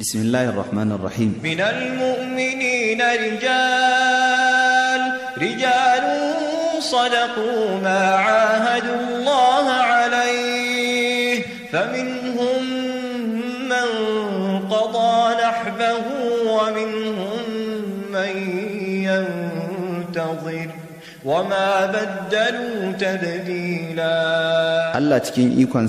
بسم الله الرحمن الرحيم من المؤمنين رجال رجال صدقوا ما عاهدوا الله عليه فمنهم من قضى نحبه ومنهم من ينتظر وما بدلوا تبديلا الله تكين إيقوان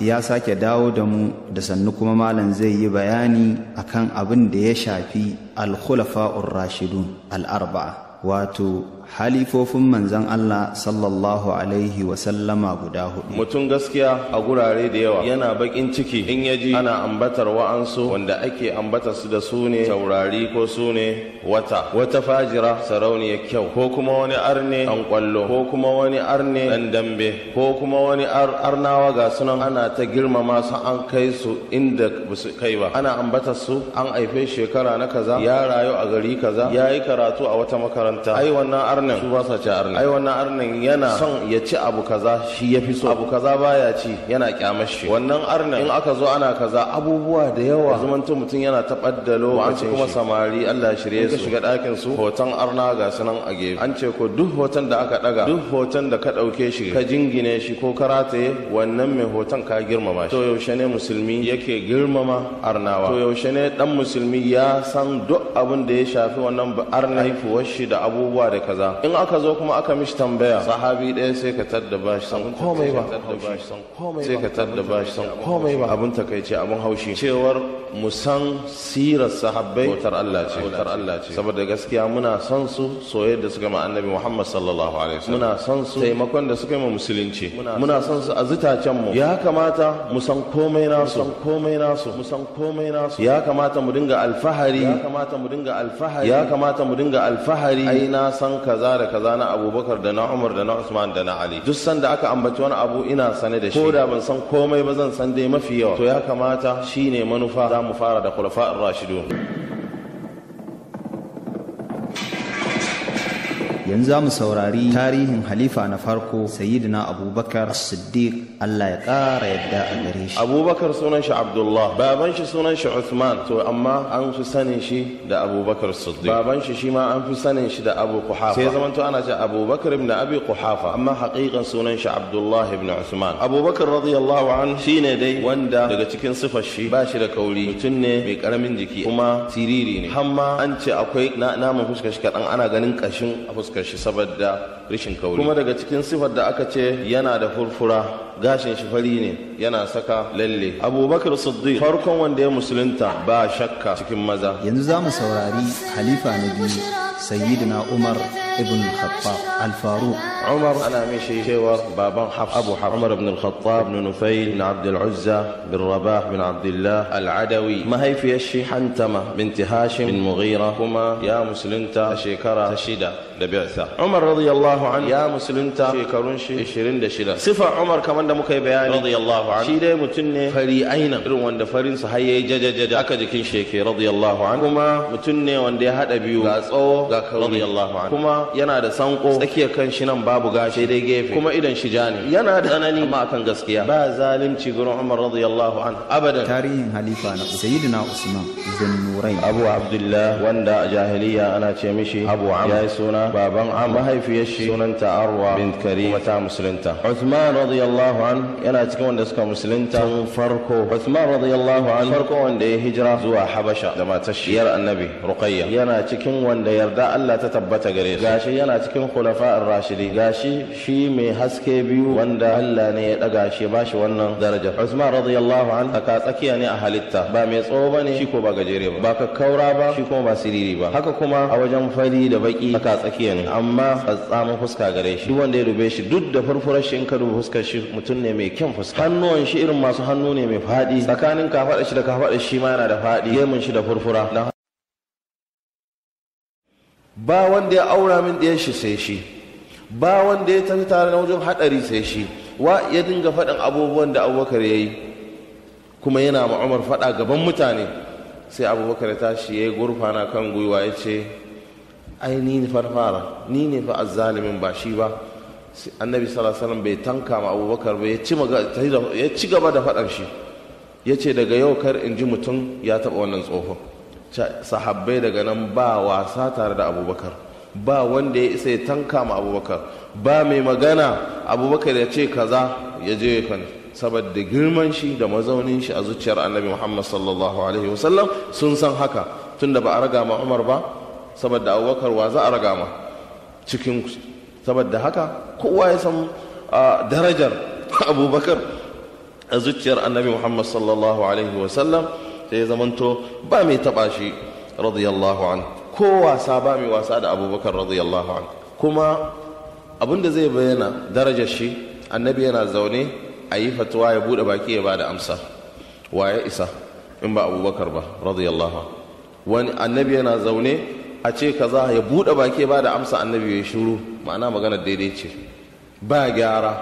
ya sake dawo da mu da sannu kuma malam zai yi bayani akan abin da ya shafi al-khulafa'ur rashidun al-arba'a wato halifofin manzan Allah sallallahu alaihi wasallama guda hudu. Mutum gaskiya a gurare da yawa yana bakin ciki in ya ji ana ambatar wa'ansu wanda ake ambata su da su ne taurari ko su ne wata. Wata fajira sarauniya kyau ko kuma wani arne an kwallo ko kuma wani arne dan dambe ko kuma wani arnawa ga sunan ana ta girmama su an kai su inda ba kai ba. Ana ambatar su an haife shekara na kaza ya rayu a gari kaza ya yi karatu a wata makaranta. Ai wannan arnan su ba sa ci arnan ai wannan arnan yana son ya ci abu kaza shi ya fi so abu kaza baya ci yana kyamar shi wannan arnan in aka zo ana kaza abubuwa da yawa zumanta mutum yana taɓaddalo an ce kuma samari Allah shirye su shiga ɗakin su hoton arna ga sunan a gefe an ce ko duk hoton da aka ɗaga duk hoton da ka ɗauke shi ka jingine shi ko ka rataye wannan mai hoton ka girmama shi to yaushe ne musulmi yake girmama arnawa to yaushe ne dan musulmi ya san duk abin da ya shafi wannan arna haifuwar shi da abubuwa da kaza in aka zo kuma aka mishi tambaya sahabi ɗaya sai ka tadda ba shi san komai ba sai ka tadda ba shi san komai ba abin takaice abin haushi cewar mu san sirar sahabbai wutar Allah ce wutar Allah ce saboda gaskiya muna san su soyayya da suka ma annabi Muhammad sallallahu alaihi wasallam muna san su taimakon da suka yi ma musulunci muna san su a zitacen mu ya kamata mu san komai nasu san komai nasu mu san komai nasu ya kamata mu dinga alfahari ya kamata mu dinga alfahari ya kamata mu dinga alfahari ai na san ka kaza da kaza na abubakar da na umar da na usman da na ali duk sanda aka ambaci wani abu ina sane da shi ko da ban san komai ba zan san dai mafi yawa to ya kamata shine manufa za mu fara da khulafa'ur rashidun yanzu za mu saurari tarihin halifa na farko sayyidina abubakar siddiq allah ya ƙara yadda a gare shi abubakar sunan shi abdullah baban shi sunan shi to amma an fi sanin shi da abubakar siddiq baban shi shi ma an fi sanin shi da abu kuhafa sai zaman to ana ce abubakar ibn abi kuhafa amma haƙiƙan sunan shi abdullah ibn Usman. abubakar radiyallahu an shine dai wanda daga cikin sifar shi ba shi da kauri mutum ne mai karamin jiki kuma siriri ne hamma an ce akwai naman fuskar shi kaɗan ana ganin ƙashin a fuskar fuskar shi saboda rishin kauri kuma daga cikin sifar da aka ce yana da furfura gashin shi fari ne yana saka lalle abubakar siddiq farkon wanda ya musulunta ba shakka cikin maza yanzu za mu saurari halifa na biyu سيدنا عمر ابن الخطاب الفاروق عمر أنا مشي شور بابا حفص أبو حفص عمر بن الخطاب بن نفيل بن عبد العزة بن رباح بن عبد الله العدوي ما هي في الشي حنتمة بنت هاشم بن مغيرة هما يا مسلمتا شيكرا تشيدا لبعثة عمر رضي الله عنه يا مسلمتا شكرونشي إشرين دشيدا صفة عمر كمان دا بياني رضي الله عنه شيدا متنة فري أين إرو وند فرين جا جدا جدا أكا جكين شيكي رضي الله عنه هما متنة وان دي هاد أبيو radiyallahu anhu kuma yana da sanko tsakiyar kan shi nan babu gashi dai gefe kuma idan shi ja ne yana da tsanani amma akan gaskiya ba zalunci gurin Umar radiyallahu an. abadan tarihin halifa na sayyidina Usman Zunnurai Abu Abdullah wanda a jahiliya ana ce mishi Abu Amr yayi suna baban Amr mahaifiyar shi sunanta Arwa bint Karim wata musulunta Uthman radiyallahu anhu yana cikin wanda suka musulunta tun farko Usman, radiyallahu anhu farko wanda ya hijira zuwa Habasha da matar shi yar annabi Ruqayya yana cikin wanda yarda yarda Allah ta tabbata gare su gashi yana cikin ar rashidi gashi shi mai haske biyu wanda Allah ne ya daga shi ba shi wannan daraja Usman radiyallahu anhu ka tsakiya ne a halitta ba mai tsawo bane shi ko ba gajere ba ba ka kaura ba shi kuma ba siriri ba haka kuma a wajen fari da baki aka tsakiya ne amma tsatsamin fuska gare shi wanda ya dube shi duk da furfurar shi in ka duba fuskar shi mutum ne mai kyan fuska hannuwan shi irin masu hannu ne mai faɗi. tsakanin kafaɗa shi da kafaɗa shi ma yana da faɗi. gemun shi da furfura ba wanda ya aura min ya shi sai shi ba wanda ya tafi tare na wajen haɗari sai shi wa ya dinga faɗin abubuwan da abubakar ya yi kuma yana ma umar faɗa gaban mutane sai abubakar ya tashi ya yi gurfana kan gwiwa ya ce ai ni ne farfara ni ne fa azzalimin ba shi ba annabi sallallahu bai tanka ma abubakar ba ya ci gaba da faɗar shi ya ce daga yau kar in ji mutum ya taɓa wannan tsohon sahabbai daga nan ba wasa tare da abubakar ba wanda ya isa ya tanka ma abubakar ba mai magana abubakar ya ce kaza ya je ya saboda girman shi da mazaunin shi a zuciyar annabi muhammad sallallahu alaihi wasallam sun san haka tunda ba a raga ma umar ba saboda abubakar wa za a raga ma cikin saboda haka kowa ya san darajar abubakar a zuciyar annabi muhammad sallallahu alaihi wasallam sai zamanto ba mai taɓa shi radiyallahu an ko wasa ba mai wasa da abubakar radiyallahu an kuma abin da zai bayyana darajar shi annabi yana zaune a yi fatuwa ya bude baki ya bada amsa wa ya isa in ba abubakar ba radiyallahu wani annabi yana zaune a ce kaza ya bude baki ya da amsa annabi ya shiru ma'ana magana daidai ce ba gyara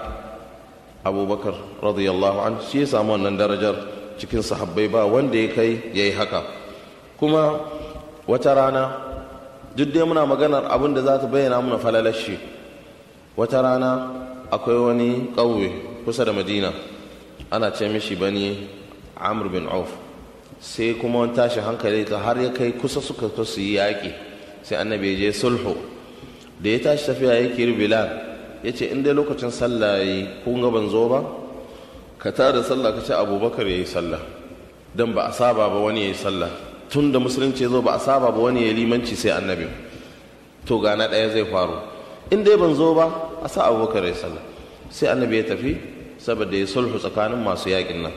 abubakar radiyallahu an shi ya samu wannan darajar cikin sahabbai ba wanda ya kai ya yi haka kuma wata rana duk dai muna maganar abin da za ta bayyana muna falalashi wata rana akwai wani ƙauye kusa da madina ana ce mishi bani amr bin auf sai kuma wani tashi hankali ta har ya kai kusa suka su yi yaƙi sai annabi ya je sulhu da ya tashi tafiya yake bilal ya ce in dai lokacin sallah kun ga ban zo ba ka tada sallah ka ce abubakar ya yi sallah don ba a saba ba wani ya yi sallah tun da musulunci ya zo ba a saba ba wani ya limanci sai annabi to gana ɗaya zai faru in dai ban zo ba a sa abubakar ya sallah sai annabi ya tafi saboda ya sulhu tsakanin masu yaƙin nan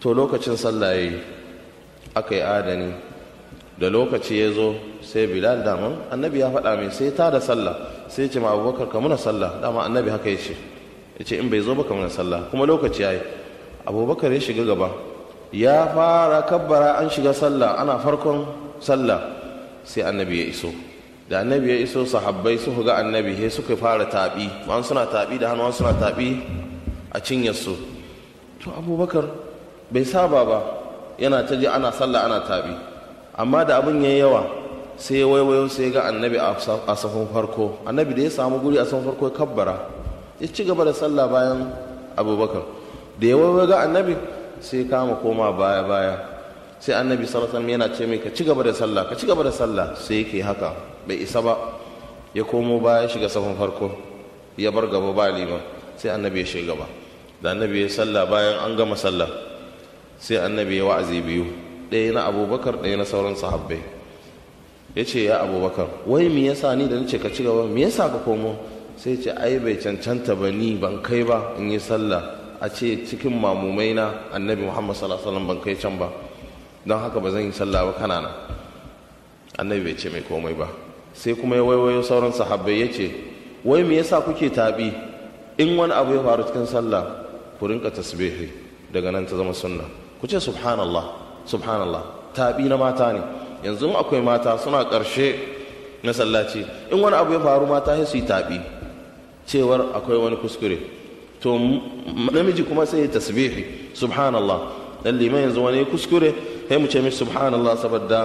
to lokacin sallah ya yi aka yi adani da lokaci ya zo sai bilal daman annabi ya faɗa mai sai ta da sallah sai ce ma abubakar ka muna sallah dama annabi haka ya ce ya ce in bai zo ba kamar sallah kuma lokaci ya yi abubakar ya shiga gaba ya fara kabbara an shiga sallah ana farkon sallah sai annabi ya iso da annabi ya iso sahabbai su ga annabi he suka fara tabi wani suna tabi da hannu suna tabi a cinyarsu to abubakar bai saba ba yana ta ji ana sallah ana tabi amma da abin yayi yawa sai ya waiwayo sai ga annabi a safin farko annabi da ya samu guri a safin farko ya kabbara ya ci gaba da sallah bayan abubakar da ya ga annabi sai kama koma baya baya sai annabi sallallahu yana ce mai ka ci gaba da sallah ka ci gaba da sallah sai yake haka bai isa ba ya komo baya shiga safin farko ya bar gaba ba liman sai annabi ya shiga gaba da annabi ya sallah bayan an gama sallah sai annabi ya wa'azi biyu ɗaya na abubakar ɗaya na sauran sahabbai ya ce ya abubakar wai me yasa ni da nace ka ci gaba me yasa ka komo sai ce ai bai cancanta ba ni ban kai ba in yi sallah a ce cikin mamumai na annabi muhammad sallallahu alaihi ban kai can ba don haka ba zan yi sallah ba kana nan annabi bai ce mai komai ba sai kuma ya waiwayo sauran sahabbai ya ce wai me yasa kuke tabi in wani abu ya faru cikin sallah ku rinka tasbihi daga nan ta zama sunna ku ce subhanallah subhanallah tabi na mata ne yanzu akwai mata suna ƙarshe na sallaci in wani abu ya faru mata sai su yi tabi cewar akwai wani kuskure to namiji kuma sai ya tasbihi subhanallah dan lima yanzu wani kuskure sai mu ce mishi subhanallah saboda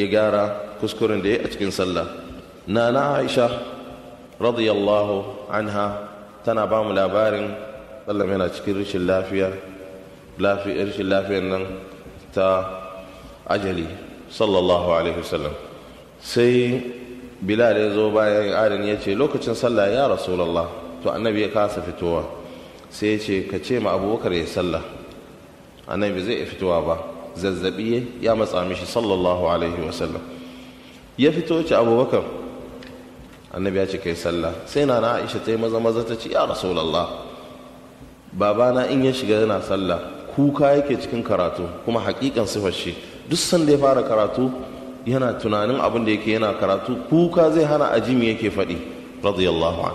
ya gyara kuskuren da ya a cikin sallah nana aisha radiyallahu anha tana ba mu labarin sallam yana cikin rashin lafiya rashin nan ta ajali sallallahu alaihi wasallam sai bilal ya zo bayan adin ya ce lokacin sallah ya rasulallah to annabi ya kasa fitowa sai ya ce ka ce ma abubakar ya sallah annabi zai iya fitowa ba zazzabi ya matsa mishi sallallahu alaihi wasallam ya fito ce abubakar annabi ya ce kai sallah sai na aisha ta yi maza maza ta ce ya rasulallah babana in ya shiga yana sallah kuka yake cikin karatu kuma hakikan sifar shi duk sanda ya fara karatu yana tunanin abin da yake yana karatu kuka zai hana ajimi yake faɗi radiyallahu an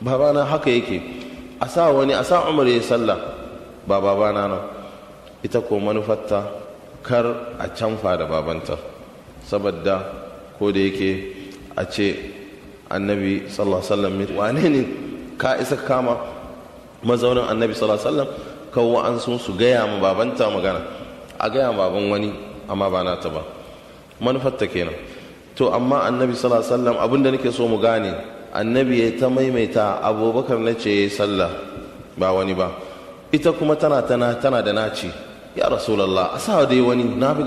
babana haka yake a sa wani a sa umar ya sallah ba babana na ita ko manufarta kar a canfa da babanta saboda ko da yake a ce annabi sallallahu alaihi wane ne ka isa kama mazaunin annabi sallallahu sallam? kawo an sun su gaya ma babanta magana a gaya baban wani amma ba na ta ba manufarta kenan to amma annabi sallallahu alaihi wasallam abinda nake so mu gane annabi ya ta maimaita abubakar na ce sallah ba wani ba ita kuma tana tana tana da naci ya rasulallah a sa dai wani na fi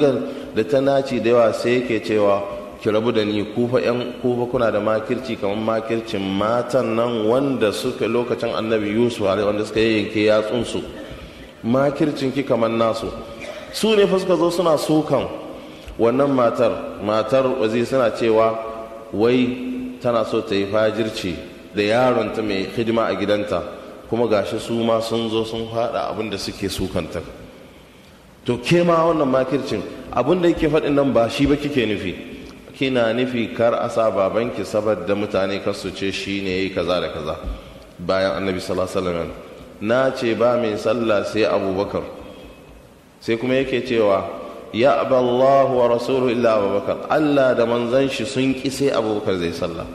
da ta naci da yawa sai yake cewa ki rabu da ni kufa yan kufa kuna da makirci kamar makircin matan nan wanda suka lokacin annabi yusuf wanda suka yi yayyanke yatsunsu makircin ki kamar nasu su ne fa suka zo suna sukan wannan matar matar wazi suna cewa wai tana so ta yi fajirci da yaron ta mai hidima a gidanta kuma gashi su ma sun zo sun faɗa abin da suke sukanta to ke ma wannan makircin abin da yake faɗin nan ba shi ba kike nufi kina nufi kar a sa babanki saboda mutane kar su ce shi ne yayi kaza da kaza bayan annabi sallallahu na ce ba mai sallah sai abubakar sai kuma yake cewa ya Allah wa rasulu illa abubakar Allah da manzan shi sun ƙi sai abubakar zai sallah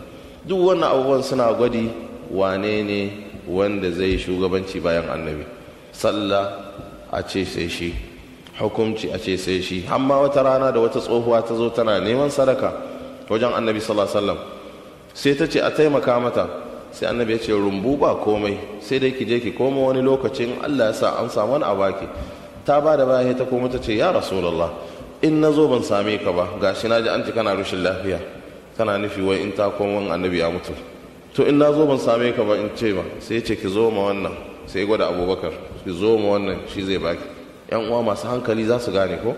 duk wannan abubuwan suna gwadi wane ne wanda zai shugabanci bayan annabi sallah a ce sai shi Hukumci a ce sai shi amma wata rana da wata tsohuwa ta zo tana neman sadaka wajen annabi sallallahu alaihi sai ta ce a taimaka mata sai annabi ya ce rumbu ba komai sai dai ki je ki koma wani lokacin Allah ya sa an samu wani a baki ta ba da baya ta koma ta ce ya rasulullah in na zo ban same ka ba gashi na ji an ci kana rushin lafiya kana nufi wai in ta koma annabi ya mutu to in na zo ban same ka ba in ce ba sai ya ce ki zo ma wannan sai gwada abubakar ki zo ma wannan shi zai baki yan uwa masu hankali za su gane ko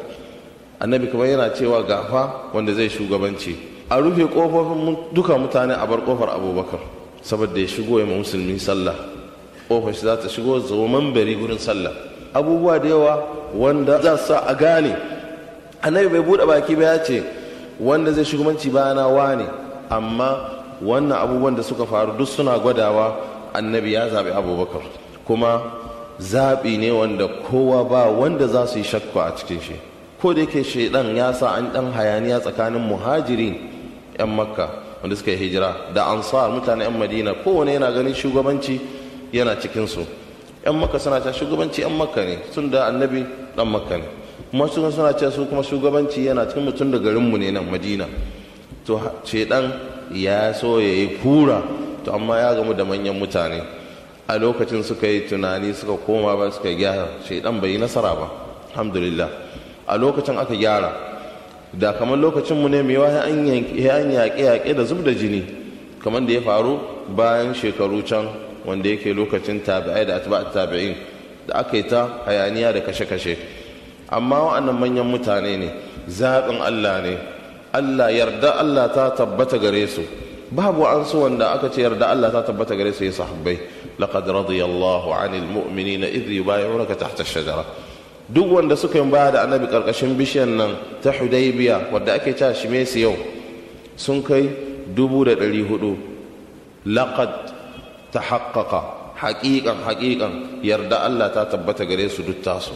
annabi kamar yana cewa gafa wanda zai shugabanci a rufe kofofin duka mutane a bar kofar abubakar saboda ya shigo ya musulmi sallah kofar shi za ta shigo zo mambari gurin sallah abubuwa da yawa wanda za su sa a gane annabi bai buɗe baki ba ya ce wanda zai shugabanci bayana wane amma wannan abubuwan da suka faru duk suna gwadawa annabi ya zaɓi abubakar kuma zaɓi ne wanda kowa ba wanda za su yi shakku a cikin shi ko da yake shaidan ya sa an ɗan hayaniya tsakanin muhajirin 'yan makka wanda suka yi hijira da ansar mutane 'yan madina kowane yana ganin shugabanci yana cikinsu yan maka suna cewa shugabanci yan maka ne sun da annabi dan maka ne kuma su suna cewa su kuma shugabanci yana cikin mutum da garinmu ne nan madina to dan ya so ya yi kura to amma ya gamu da manyan mutane a lokacin suka yi tunani suka koma ba suka gyara dan bai yi nasara ba alhamdulillah a lokacin aka gyara da kamar lokacin mu ne mai wa an yaƙe yaƙe da zub da jini kamar da ya faru bayan shekaru can wanda yake lokacin tabi'ai da atba'at tabi'in da aka yi ta hayaniya da kashe-kashe amma wa'annan manyan mutane ne zaɓin Allah ne Allah yarda Allah ta tabbata gare su babu an su wanda aka ce yarda Allah ta tabbata gare su ya sahabbai laqad radiyallahu 'anil mu'minina idh yubay'unaka tahta ash-shajara duk wanda suka yi baya da annabi karkashin bishiyar nan ta Hudaybiya wadda ake cewa Shimesi yau sun kai dubu da ɗari hudu laqad Ta tahaqqaqa haƙiƙan haƙiƙan yarda Allah ta tabbata gare su duk tasu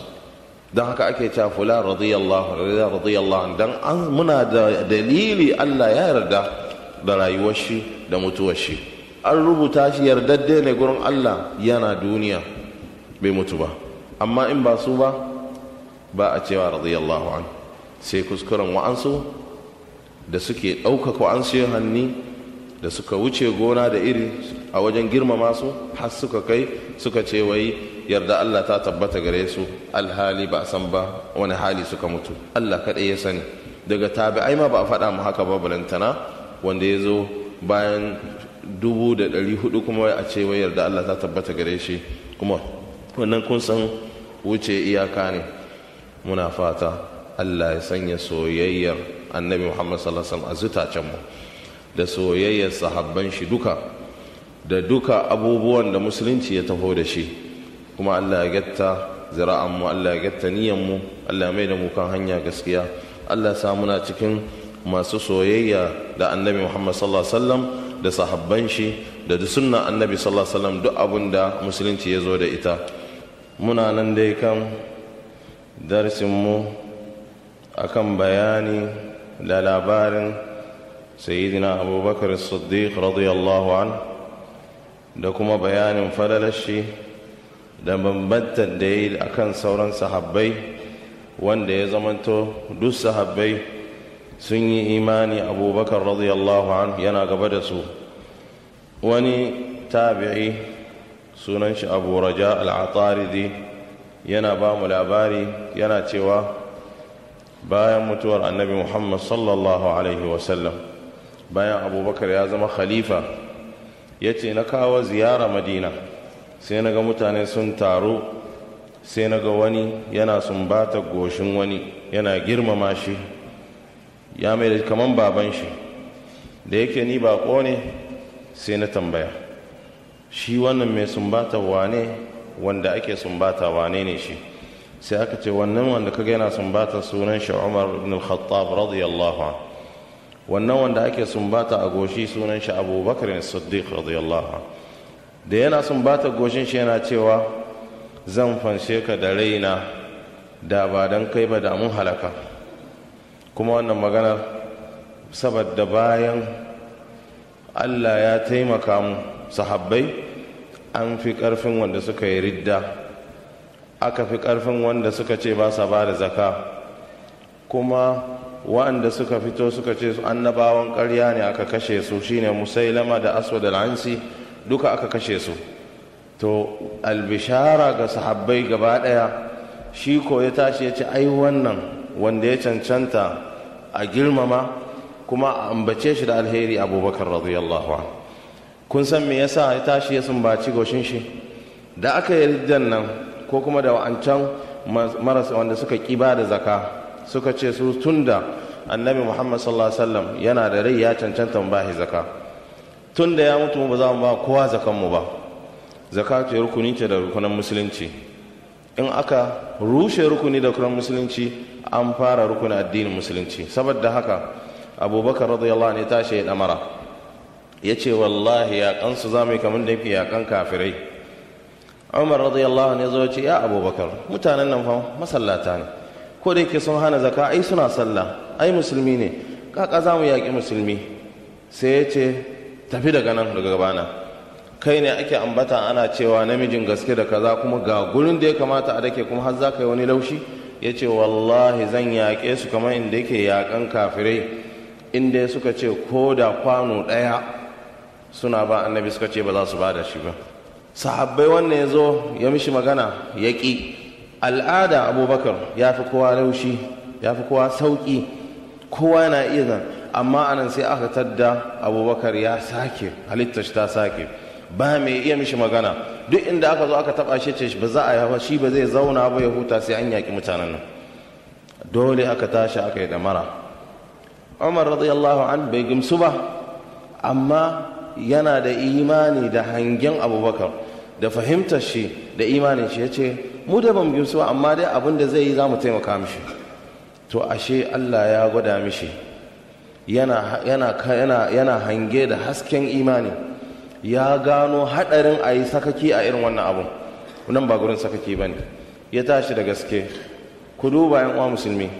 don haka ake cewa fula radiyallahu radiyallahu dan muna da dalili Allah ya yarda da rayuwar da mutuwashi. an rubuta shi yardadde ne gurin Allah yana duniya bai mutu ba amma in basu ba ba a cewa radiyallahu an sai kuskuren wa'ansu da suke ɗaukaka wa'ansu hannu. da suka wuce gona da iri a wajen girmama su har suka kai suka ce wai yarda Allah ta tabbata gare su alhali ba san ba wani hali suka mutu Allah kaɗai ya sani daga tabi'ai ma ba a faɗa mu haka ba balantana wanda ya zo bayan dubu da ɗari hudu kuma a ce wai yarda Allah ta tabbata gare shi kuma wannan kun san wuce iyaka ne muna fata Allah ya sanya soyayyar annabi Muhammad sallallahu alaihi wasallam a zutacen mu da soyayyar sahabban shi duka da duka abubuwan da musulunci ya taho da shi kuma allah ya gatta zira'anmu allah ya gatta niyanmu allah mai da mu kan hanya gaskiya allah ya muna cikin masu soyayya da annabi muhammad sallallahu alaihi wasallam da sahabban shi da sunna annabi sallallahu alaihi wasallam duk abin da musulunci ya zo da ita muna nan dai kan darsinmu akan bayani da labarin sayyidina abubakar siddiq radiyallahu da kuma bayanin falalar shi da bambantar da ya yi a kan sauran sahabbai wanda ya zamanto duk sahabbai sun yi imani abubakar radiyallahu yana gaba da su wani tabi'i sunan shi abu raja al'ataridi yana ba mu labari yana cewa bayan mutuwar annabi muhammad sallallahu alaihi wasallam bayan abubakar ya zama khalifa ya ce na kawo ziyara madina sai na ga mutane sun taru sai na ga wani yana sumbata goshin wani yana girmama shi ya mai da kaman baban shi da yake ni bako ne sai na tambaya shi wannan mai sumbata wane wanda ake sumbata wane ne shi sai aka ce wannan wanda kaga yana sumbata sunan shi umar ibn al-khattab radiyallahu anhu wannan wanda ake sumbata a goshi sunan shi abubakar ne siddiq radiyallahu da yana sumbata goshin shi yana cewa zan fanshe ka da raina da ba don kai ba damun mun halaka kuma wannan maganar saboda bayan allah ya taimaka mu sahabbai an fi ƙarfin wanda suka yi ridda aka fi ƙarfin wanda suka ce ba sa ba da zaka kuma wa'anda suka fito suka ce su annabawan ƙarya ne aka kashe su shine musailama da aswad al'ansi duka aka kashe su to albishara ga sahabbai gaba ɗaya shi ko ya tashi ya ce ai wannan wanda ya cancanta a girmama kuma a ambace shi da alheri abubakar radiyallahu an kun san me yasa ya tashi ya sumbaci goshin shi da aka yi nan ko kuma da wa'ancan marasa wanda suka ƙiba da zaka suka ce su tunda annabi muhammad sallallahu alaihi wasallam yana da rai ya cancanta mu bashi zaka tunda ya mutu mu ba za mu ba kowa zakan mu ba zaka ce rukuni ce da rukunan musulunci in aka rushe rukuni da rukunan musulunci an fara rukunin addinin musulunci saboda haka abubakar radiyallahu anhu ya tashi ya damara ya ce wallahi ya kansu za mu yi kamar da yake yakan kafirai umar radiyallahu anhu ya zo ya ce ya abubakar mutanen nan fa masallata ne ko da yake sun hana zaka ai suna sallah ai musulmi ne kaka za mu yaƙi musulmi sai ya ce tafi daga nan daga gabana kai ne ake ambata ana cewa namijin gaske da kaza kuma ga gurin da ya kamata a dake kuma har za ka yi wani laushi ya ce wallahi zan yaƙe su kamar inda yake yaƙan kafirai inda suka ce ko da kwano ɗaya suna ba annabi suka ce ba za su ba da shi ba sahabbai wannan ya zo ya mishi magana ya ƙi al'ada abubakar ya fi kowa laushi ya fi kowa sauƙi kowa na iya zan amma anan sai aka tadda abubakar ya sake halittar shi ta sake ba mai iya mishi magana duk inda aka zo aka taba shi ce ba za a yawa shi ba zai zauna ba ya huta sai an yaƙi mutanen nan dole aka tashi aka yi damara umar radiyallahu an bai gimsu ba amma yana da imani da hangen abubakar da fahimtar shi da imanin shi ya ce mu da bamu gamsu ba amma dai abin da zai yi za mu taimaka mishi to ashe Allah ya gwada mishi yana hange da hasken imani ya gano hadarin a yi sakaki a irin wannan abun nan ba gurin sakaki ba ne ya tashi da gaske ku duba yan uwa musulmi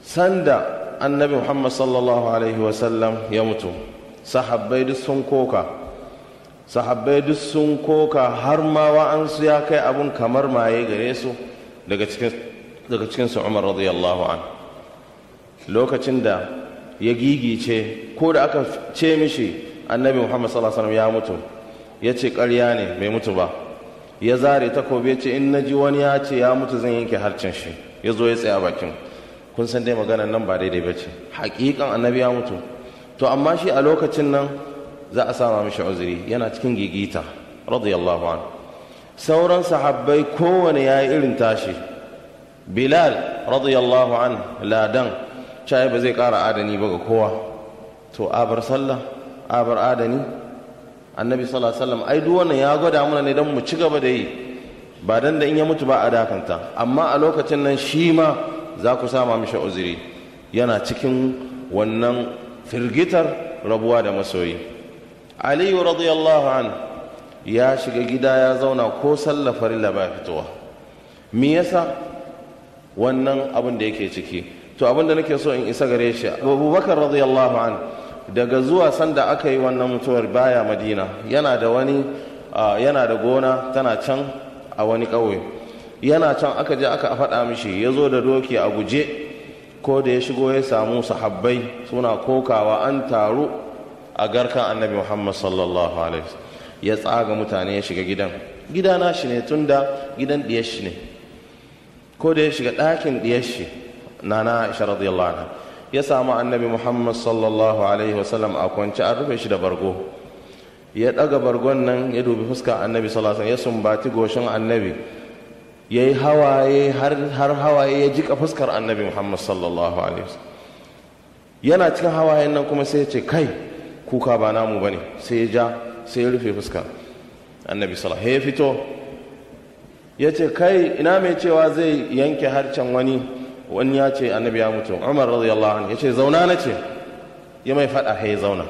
sanda annabi muhammad sallallahu alaihi wasallam ya mutu sahabbai duk sun koka sahabbai duk sun koka har ma wa'ansu ya kai abun kamar maye gare su daga cikin su Umar radiyallahu an lokacin da ya gigice ko da aka ce mishi annabi Muhammad sallallahu alaihi wasallam ya mutu ya ce ƙarya ne bai mutu ba ya zare takobe ya ce in na ji wani ya ce ya mutu zan yanke harcin shi ya zo ya tsaya bakin kun san dai maganar nan ba daidai ba ce haƙiƙan annabi ya mutu to amma shi a lokacin nan za a sama mishi uzuri yana cikin gigita radiyallahu an sauran sahabbai kowane ya yi irin tashi bilal radiyallahu an ladan cayi ba zai ƙara adani ba ga kowa to abar sallah abar adani annabi sallallahu alaihi wasallam ai duk wannan ya gwada mana ne don mu ci gaba da yi ba dan da in ya mutu ba a dakanta amma a lokacin nan shi ma za ku sama mishi uzuri yana cikin wannan firgitar rabuwa da masoyi aliyu radiyallahu an ya shiga gida ya zauna ko sallah farilla ba fitowa me yasa wannan abin da yake ciki to abin da nake so in isa gare shi abubakar radiyallahu an daga zuwa sanda aka yi wannan mutuwar baya madina yana da wani yana da gona tana can a wani ƙauye yana can aka je aka faɗa mishi ya zo da doki a guje ko da ya shigo ya samu sahabbai suna kokawa an taru a garkan annabi muhammad sallallahu alaihi ya tsaga mutane ya shiga gidan gida na shi ne tunda gidan diyar shi ne ko da ya shiga ɗakin diyar shi na na aisha radiyallahu anha ya samu annabi muhammad sallallahu alaihi wasallam a kwance an rufe shi da bargo ya ɗaga bargon nan ya dubi fuska annabi sallallahu alaihi wasallam ya sumbati goshin annabi ya yi hawaye har hawaye ya jiƙa fuskar annabi muhammad sallallahu alaihi wasallam yana cikin hawayen nan kuma sai ya ce kai kuka ba namu ba ne. sai ya ja sai ya rufe fuska annabi sallallahu ya fito ya ce kai ina mai cewa zai yanke harcen wani wani ya ce annabi ya mutu umar radiyallahu anhu ya ce zauna na ce ya mai faɗa ya zauna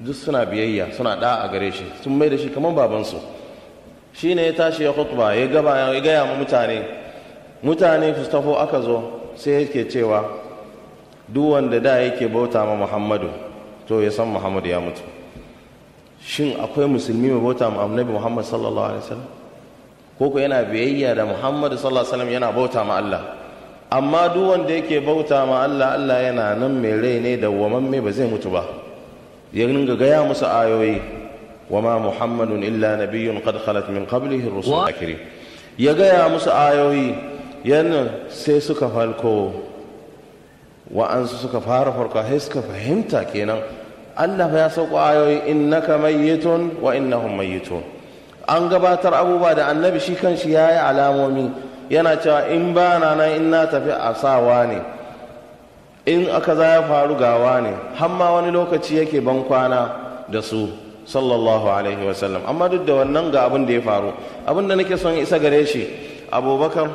duk suna biyayya suna ɗa a gare shi sun mai da shi kamar babansu shi ne ya tashi ya khutba ya gaba ya gaya ma mutane mutane fustafo aka zo sai yake cewa duk wanda da yake bauta ma muhammadu to ya san muhammad ya mutu shin akwai musulmi mai bauta ma annabi muhammad sallallahu alaihi wasallam ko ko yana biyayya da muhammad sallallahu alaihi wasallam yana bauta ma allah amma duk wanda yake bauta ma allah allah yana nan mai rai ne da mai ba zai mutu ba ya ringa gaya musu ayoyi wa ma muhammadun illa nabiyyun qad khalat min qablihi rusul akiri ya gaya musu ayoyi yana sai suka falko wa'ansu suka fara farka sai suka fahimta kenan Allah ya sauko ayoyi innaka mayyitun wa innahum mayyitun an gabatar abubuwa da annabi shi kanshi yayi alamomi yana cewa in ba nan in na tafi a sawa ne in aka za ya faru gawa ne hamma wani lokaci yake ban kwana da su sallallahu alaihi wasallam amma duk da wannan ga abin da ya faru abin da nake son isa gare shi abubakar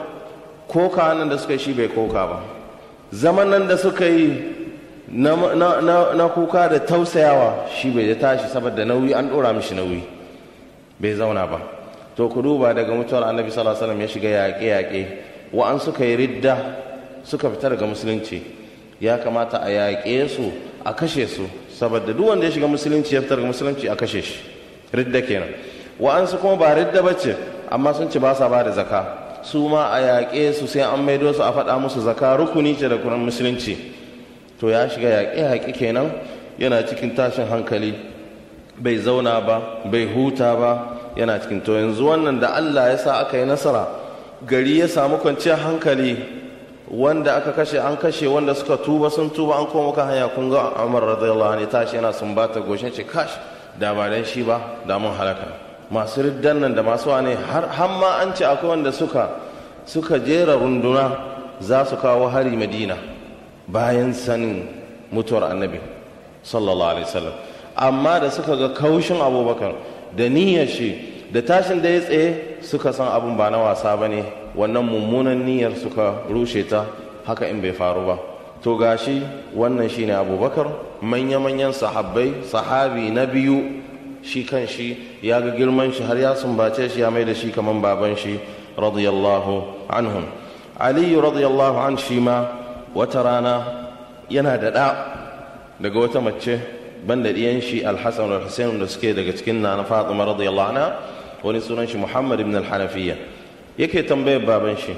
koka nan da suka shi bai koka ba zaman nan da suka yi na, kuka da tausayawa shi bai da tashi saboda nauyi an ɗora mishi nauyi bai zauna ba to ku duba daga mutuwar annabi sallallahu alaihi ya shiga yaƙe-yaƙe wa an suka yi ridda suka fita daga musulunci ya kamata a yaƙe su a kashe su saboda duk wanda ya shiga musulunci ya fita daga musulunci a kashe shi ridda kenan Wa an su kuma ba ridda bace amma sun ci ba sa ba da zaka su ma a yaƙe su sai an maido su a faɗa musu zaka rukuni ce da kuran musulunci to ya shiga yaƙe-yaƙe kenan yana cikin tashin hankali bai zauna ba bai huta ba yana cikin to yanzu wannan da allah ya sa aka yi nasara gari ya samu kwanciyar hankali wanda aka kashe an kashe wanda suka tuba sun tuba an koma kan hanya kun ga amar radiyallahu anhu tashi yana sumbata goshin ce kash da ba dan shi ba da mun halaka masu riddan nan da masu wane har ma an ce akwai wanda suka suka jera runduna za su kawo hari madina bayan sanin mutuwar annabi sallallahu alaihi wasallam amma da suka ga kaushin abubakar da niyyar shi da tashin da ya tsaye suka san abin ba na wasa ba ne wannan mummunan niyyar suka rushe ta haka in bai faru ba to gashi wannan shine abubakar manya-manyan sahabbai sahabi na biyu shi kan shi ya ga girman shi har ya sumbace shi ya mai da shi kaman baban shi radiyallahu anhum aliyu radiyallahu an shi ma wata rana yana da daga wata mace banda ɗiyan shi alhassan da hussein da suke daga cikin na na fatima radiyallahu anha wani sunan shi muhammad ibn Al-Hanafiya. yake tambayar baban shi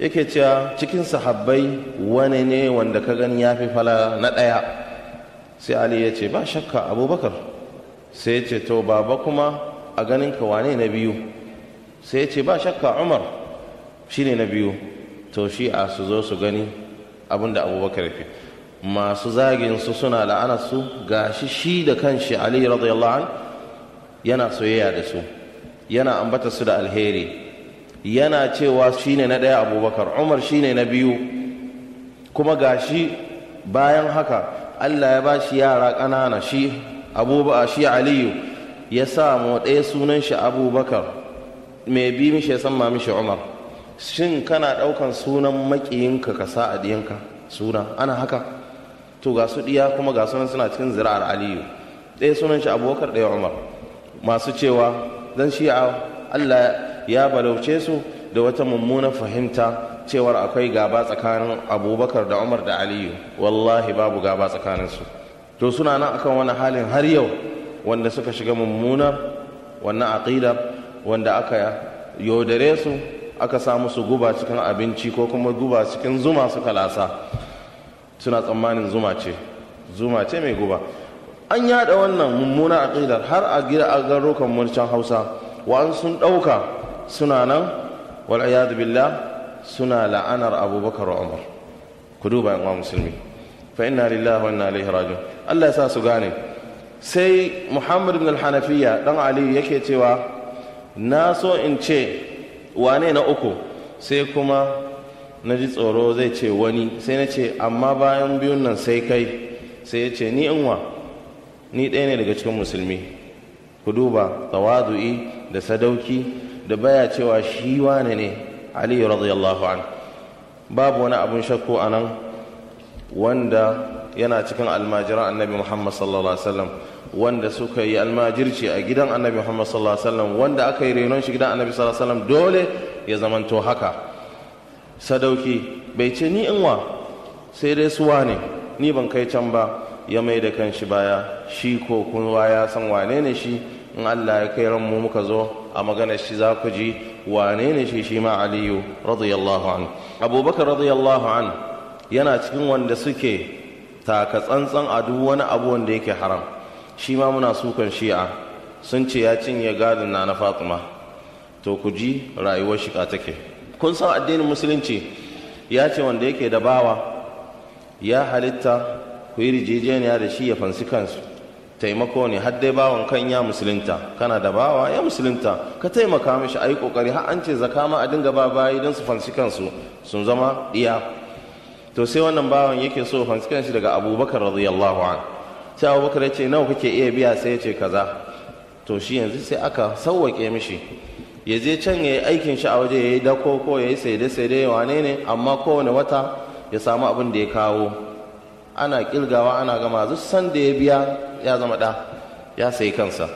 yake cewa cikin sahabbai wani ne wanda ka gani ya fi fala na ɗaya sai ali ya ce ba shakka abubakar sai ce to baba kuma a ganin ka wane na biyu sai ce ba shakka umar shine na biyu to shi a su zo su gani abinda abubakar fi masu zagin su suna la'anar su gashi shi da kanshi ali radiyallahu an yana soyayya da su yana ambata su da alheri yana cewa shine na ɗaya abubakar umar shine na biyu kuma gashi bayan haka allah ya ba shi yara ƙanana shi abubakar shi aliyu ya sa mu ɗaya sunan shi abubakar mai bi mishi ya san mishi umar shin kana ɗaukan sunan maƙiyinka ka sa a ɗiyanka suna ana haka to ga su ɗiya kuma ga sunan suna cikin zira'ar aliyu ɗaya sunan shi abubakar ɗaya umar masu cewa zan shi allah ya balauce su da wata mummunar fahimta cewar akwai gaba tsakanin abubakar da umar da aliyu wallahi babu gaba tsakaninsu to suna nan akan wani halin har yau wanda suka shiga mummunar wannan aqida wanda aka yaudare su aka sa musu guba cikin abinci ko kuma guba cikin zuma suka lasa suna tsammanin zuma ce zuma ce mai guba an yada wannan mummuna aƙidar har a gida a garukan murcan hausa Wa an sun ɗauka suna nan wal'ayyadu billah suna la'anar abubakar umar ku duba yan musulmi fa inna lillahi wa inna ilaihi raji'un Allah ya sa su gane sai Muhammad ibn al-Hanafiya dan Ali yake cewa na so in ce wane na uku sai kuma na ji tsoro zai ce wani sai na ce amma bayan biyun nan sai kai sai ya ce ni inwa ni ɗaya ne daga cikin musulmi ku duba tawadu'i da sadauki da baya cewa shi wane ne Ali radiyallahu an babu wani abun shakku anan wanda yana cikin almajiran annabi muhammad sallallahu alaihi wasallam wanda suka yi almajirci a gidan annabi muhammad sallallahu alaihi wasallam wanda aka yi renon shi gidan annabi sallallahu alaihi wasallam dole ya zamanto haka sadauki bai ce ni inwa sai dai suwa ne ni ban kai can ba ya mai da kan shi baya shi ko kowa ya san wane ne shi in allah ya kai ran mu muka zo a maganar shi za ku ji wane ne shi shi ma aliyu radiyallahu anhu abubakar radiyallahu anhu yana cikin wanda suke Ta ka tsantsan a duk wani abu wanda yake haram shi ma muna sukan shi'a sun ce ya cinye gadin na na fatima to ku ji rayuwar shiga take kun san addinin musulunci ya ce wanda yake da bawa ya halitta ku yi rijijeniya da shi ya fansi kansu taimako ne har dai bawan kan ya musulunta kana da bawa ya musulunta ka taimaka mishi a yi kokari har an ce zaka ma a dinga ba bayi don su fansi kansu sun zama iya to sai wannan bawan yake so fanskan shi daga abubakar radiyallahu an sai abubakar ya ce nawa kake iya biya sai ya ce kaza to shi yanzu sai aka sauwaƙe mishi ya je can ya yi aikin shi a waje ya yi dako ko ya yi saide saide wane ne amma kowane wata ya samu abin da ya kawo ana kilgawa ana gama duk san da ya biya ya zama ɗa ya sayi kansa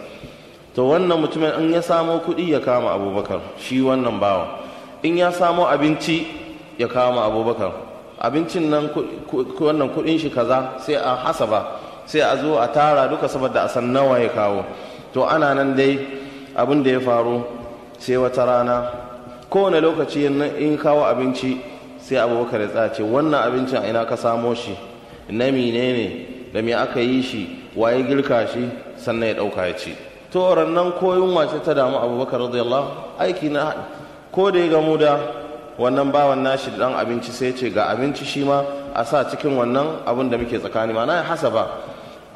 to wannan mutumin in ya samo kuɗi ya kama abubakar shi wannan bawan in ya samo abinci ya kama abubakar abincin nan wannan kuɗin shi kaza sai a hasaba sai a zo a tara duka saboda a san nawa ya kawo to ana nan dai abin da ya faru sai wata rana kowane lokaci in kawo abinci sai abubakar ya tsace wannan abincin a ina ka samo shi na mine ne da me aka yi shi waye girka shi sannan ya ɗauka ya ci to nan ko yunwa ta damu abubakar radiyallahu aiki na ko da ya gamu da wannan bawan nashi da dan abinci sai ce ga abinci shi ma a sa cikin wannan abin da muke tsakani ma na hasa ba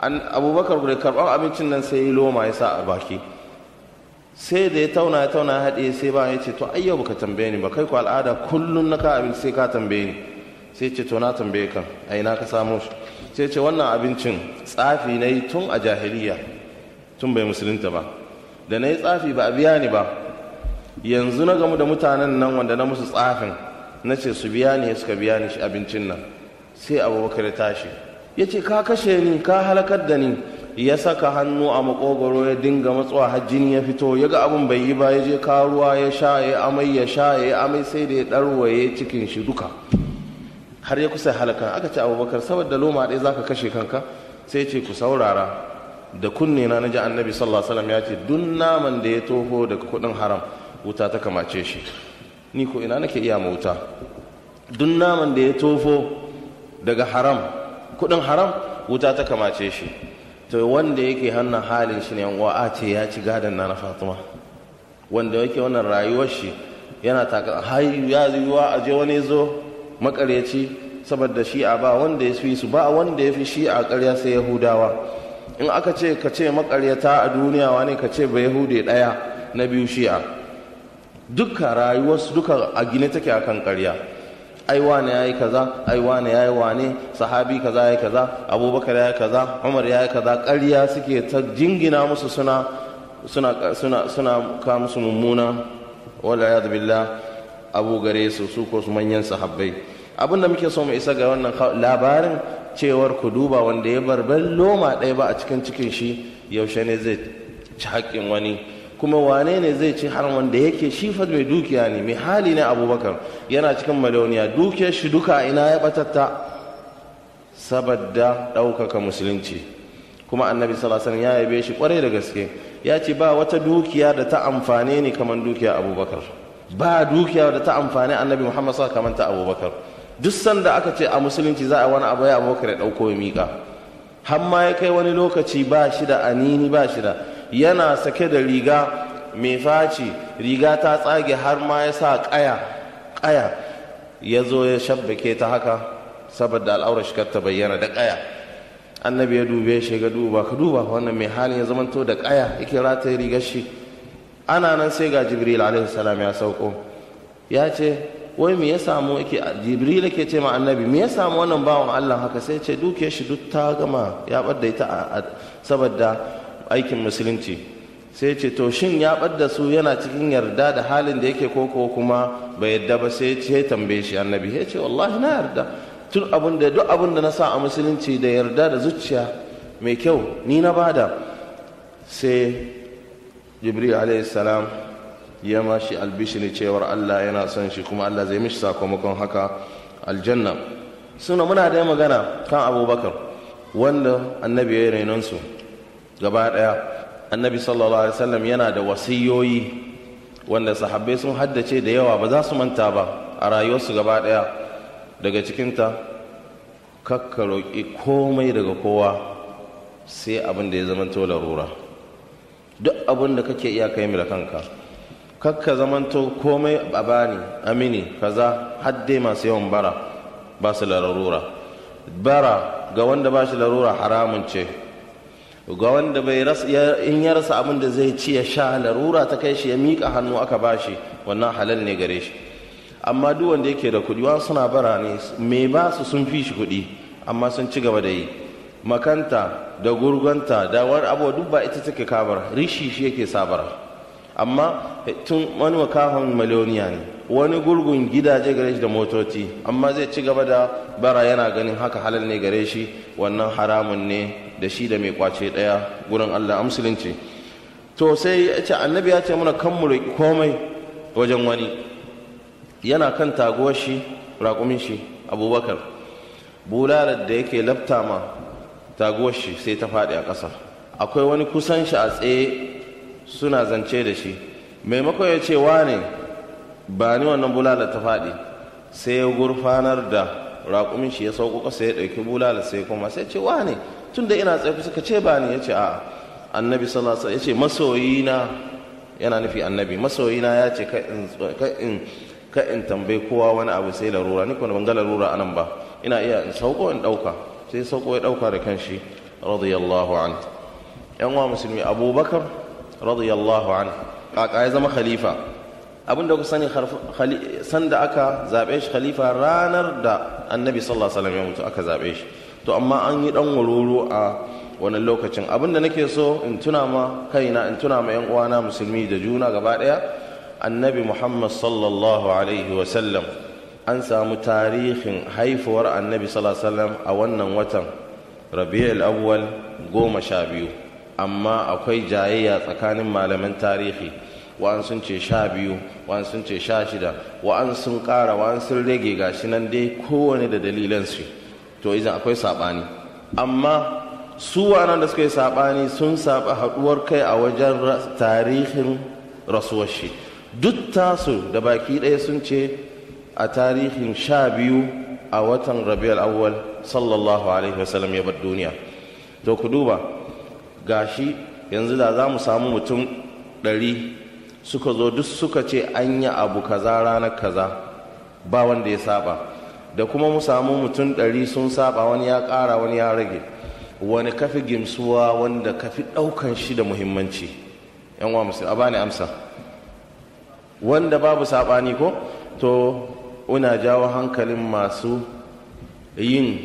abubakar da karɓar abincin nan sai loma ya sa a baki sai da ya tauna ya tauna haɗe sai ba ya ce to ai yau baka tambaye ni ba kai ku al'ada kullum na ka abinci sai ka tambaye ni sai ce to na tambaye kan ai na ka samu shi sai ce wannan abincin tsafi na yi tun a jahiliya tun bai musulunta ba da na yi tsafi ba a biya ni ba yanzu na gamu da mutanen nan wanda na musu tsafin na ce su biya ni suka biya ni abincin nan sai abubakar ya tashi ya ce ka kashe ni ka halakar da ni ya saka hannu a makogoro ya dinga matsuwa har jini ya fito ya ga abin bai yi ba ya je karuwa ya sha ya amai ya sha ya amai sai da ya ɗarwaye cikin shi duka har ya kusa halakan aka ce abubakar saboda loma ɗaya zaka kashe kanka sai ce ku saurara da kunne na ji annabi sallallahu alaihi ya ce duk naman da ya toho daga kuɗin haram wuta ta kamace shi ni ko ina nake iya ma wuta duk naman da ya tofo daga haram kudin haram wuta ta kamace shi to wanda yake hannun halin shi ne uwa ce ya ci gadon na na fatima wanda yake wannan rayuwar shi yana taka har ya yiwuwa a je wani zo makaryaci saboda shi'a ba wanda ya fi su ba wanda ya fi shi'a karya sai yahudawa in aka ce ka ce makaryata a duniya wani ka ce ba yahude daya na biyu shi'a duka rayuwarsu duka a gine take a kan karya ai wane yi kaza ai wane yi wane sahabi kaza yi kaza abubakar ya yi kaza umar ya yi kaza karya suke ta jingina musu suna suna suna ka musu mummuna wala yadu abu gare su su ko su manyan sahabbai abin da muke so mu isa ga wannan labarin cewar ku duba wanda ya barbar loma ɗaya ba a cikin cikin shi yaushe ne zai ci haƙƙin wani kuma wane ne zai ci har wanda yake shi fa mai dukiya ne mai hali ne abubakar yana cikin madauniya dukiyar shi duka ina ya batatta saboda ɗaukaka musulunci kuma annabi sallallahu ya yabe shi kwarai da gaske ya ce ba wata dukiya da ta amfane ni kamar dukiya abubakar ba dukiya da ta amfane annabi muhammad sallallahu kaman ta abubakar duk sanda aka ce a musulunci za a wani abu ya abubakar ya ɗauko ya miƙa har ma ya kai wani lokaci ba shi da anini ba shi da yana sake da riga mai faci riga ta tsage har ma ya sa ƙaya kaya ya zo ya shabbake ta haka saboda al'aurar shi ta bayyana da ƙaya annabi ya dube shi ga duba ka duba wannan mai halin ya zamanto da ƙaya yake rataye rigar shi ana nan sai ga jibril alaihi salam ya sauko ya ce wai me ya samu yake jibril yake ce ma annabi me ya samu wannan bawan Allah haka sai ce duke shi duk ta gama ya badda ita saboda aikin musulunci sai ce to shin ya ɓadda su yana cikin yarda da halin da yake koko kuma bai yarda ba sai ya tambaye shi annabi ya ce wallahi na yarda tun abin da duk abin da na sa a musulunci da yarda da zuciya mai kyau ni na bada sai jibril alayhi salam ya mashi albishiri cewar allah yana son shi kuma allah zai mishi sakamakon haka aljanna suna muna da magana kan abubakar wanda annabi ya yi su. gaba ɗaya annabi sallallahu alaihi wasallam yana da wasiyoyi wanda sahabbai sun haddace da yawa ba za su manta ba a rayuwarsu gaba ɗaya daga cikinta kakka roƙi komai daga kowa sai abin da ya zamanto larura duk abin da kake iya kai da kanka kakka zamanto komai a bani amini kaza hadde masu yawan bara ba su larura bara ga wanda ba shi larura haramun ce ga wanda bai rasa in ya rasa abin da zai ci ya sha larura ta kai shi ya miƙa hannu aka bashi wannan halal ne gare shi amma duk wanda yake da kuɗi wasu suna bara ne me ba su sun fi shi kuɗi amma sun ci gaba da yi makanta da gurgunta da wani abuwa duk ba ita take kabar rishi shi yake sabar amma tun wani makahon miliyoniya ne wani gurgun gidaje gare shi da motoci amma zai ci gaba da bara yana ganin haka halal ne gare shi wannan haramun ne da shi da mai kwace ɗaya gurin Allah amsulunci to sai ya ce annabi ya ce mana kan mu komai wajen wani yana kan taguwar shi raƙumin shi abubakar bulalar da yake lafta ma taguwar shi sai ta faɗi a ƙasa akwai wani kusan shi a tsaye suna zance da shi maimakon ya ce wane ba ni wannan bulalar ta faɗi sai ya gurfanar da raƙumin shi ya sauko ƙasa ya ɗauki bulalar sai kuma sai ce wane tunda ina tsaye suka ce ba ni ce a annabi sallallahu ya yace masoyina yana nufi annabi masoyina ya ce ka in ka in tambayi kowa wani abu sai larura ni kuma ban ga larura anan ba ina iya in sauko in dauka sai sauko ya dauka da kanshi radiyallahu an yan wa musulmi abubakar radiyallahu an kaka ya zama khalifa abinda ku sani sanda aka zabe shi khalifa ranar da annabi sallallahu alaihi wasallam ya mutu aka zabe shi to amma an yi dan waroro a wani lokacin abin da nake so in tuna ma kaina in tuna ma 'yan uwana musulmi da juna gaba ɗaya annabi muhammad sallallahu alaihi wasallam an samu tarihin haifuwar annabi sallallahu a wannan watan rabi'ul awwal goma sha biyu amma akwai jayayya tsakanin malaman tarihi wa'an sun ce sha biyu wa'an sun ce sha shida wa'an sun ƙara wa'an sun rage gashi nan dai kowane da dalilan su to idan akwai saɓani amma su waɗanda da suka yi saɓani sun saɓa haɗuwar kai a wajen tarihin rasuwar shi duk tasu da baki ɗaya sun ce a tarihin sha biyu a watan rabiul awwal sallallahu alaihi wasallam ya bar duniya to ku duba gashi yanzu da za mu samu mutum ɗari suka zo duk suka ce an yi abu kaza ranar kaza ba wanda ya saba da kuma mu samu mutum ɗari sun saba wani ya ƙara wani ya rage wani kafi gimsuwa wanda kafi ɗaukan shi da muhimmanci yan wa a amsa wanda babu saɓani ko to una jawo hankalin masu yin